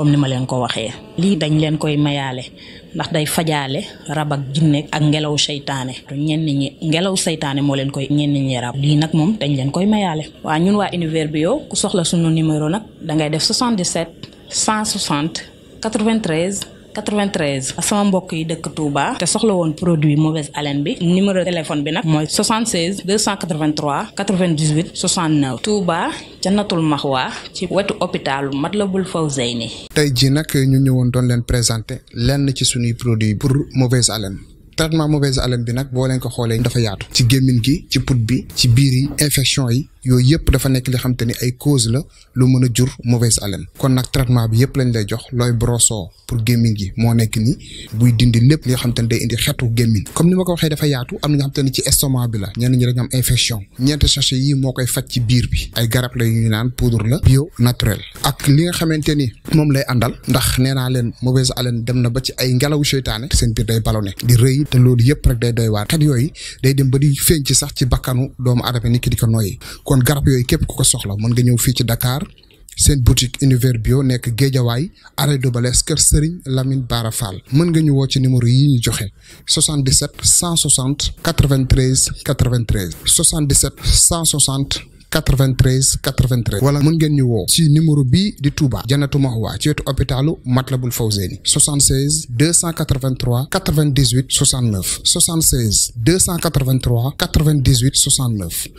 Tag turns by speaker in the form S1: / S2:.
S1: comme ni ma leen ko waxee lii dañ leen koy mayaale ndax day fajaale rab ak jinne ak ngelaw seytaane ñenn ñi ngelaw seytaane moo leen koy ñenn ñi rab lii nag moom dañ leen koy mayaale waa ñun waa univers bi yow ku soxla sunu numéro nag dangay def 77 160 93 93 sama mbokk yi dëkk Touba te soxla woon produit mauvaise haleine bi numéro téléphone bi nag mooy 76 283 98 69 Touba Jannatul Maxwa ci wetu hôpital Matlaboul Fawzeyni.
S2: tey jii nag ñu ñëwoon doon leen présenter lenn ci suñuy produit pour mauvaise haleine. traitement mauvaise haleine bi nag boo leen ko xoolee dafa yaatu. ci gémmiñ gi ci put bi ci biir yi infection yi. yooyu yëpp dafa nekk li xam te ni ay cause la lu mën a jur mauvaise haleine kon nag traitement bi yëpp lañ lay jox looy broso pour gémmiñ gi moo nekk ni buy dindi lépp li nga xam te ni day indi xetu gémmiñ comme ni ko waxee dafa yaatu am na nga ci estomac bi la ñenn ñi dañu am infection ñeenti sachet yi moo koy faj ci biir bi ay garab la ñu naan poudre la bio naturel ak li nga xamante ni moom lay àndal ndax nee naa leen mauvaise haleine dem na ba ci ay ngelaw seytaane seen biir day ballonné di rëy te loolu yëpp rek day doy waar xet yooyu day dem ba di feeñ ci sax ci bakkanu doomu aadama nit ki di ko noyyi kon garab yoy kep ko soxla mën nga ñew fi ci Dakar sen boutique univers bio nekk Géejawaay arrêt de Balès kër Serigne Lamine Bara Fall mën nga ñu wo ci numéro yi ñu joxe 77 160 93 93 77 160 93 93 wala mën ngeen ñu wo ci numéro bi di Touba Janatu Mahwa ci wetu hôpitalu Matlabul Fawzeni 76 283 98 69 76 283 98 69